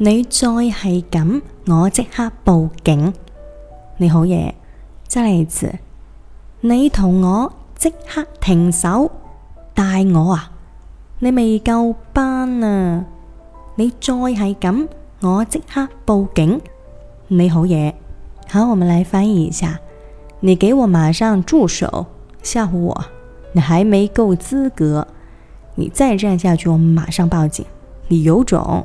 你再係咁，我即刻報警。你好嘢。真係字，你同我即刻停手，大我啊！你未夠班啊！你再係咁，我即刻報警。你好嘢。好，我們來翻譯一下，你給我馬上住手，嚇唬我，你還沒夠資格，你再這樣下去，我馬上報警，你有種！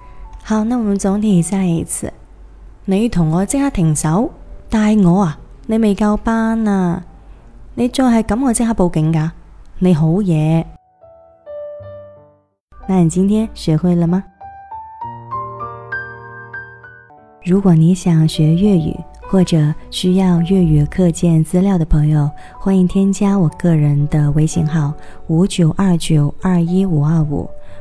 好，那我們總體再一次。你同我即刻停手，大我啊，你未夠班啊，你再係咁我即刻報警噶，你好嘢！那你今天學會了嗎？如果你想學粵語或者需要粵語課件資料的朋友，歡迎添加我個人的微信號五九二九二一五二五。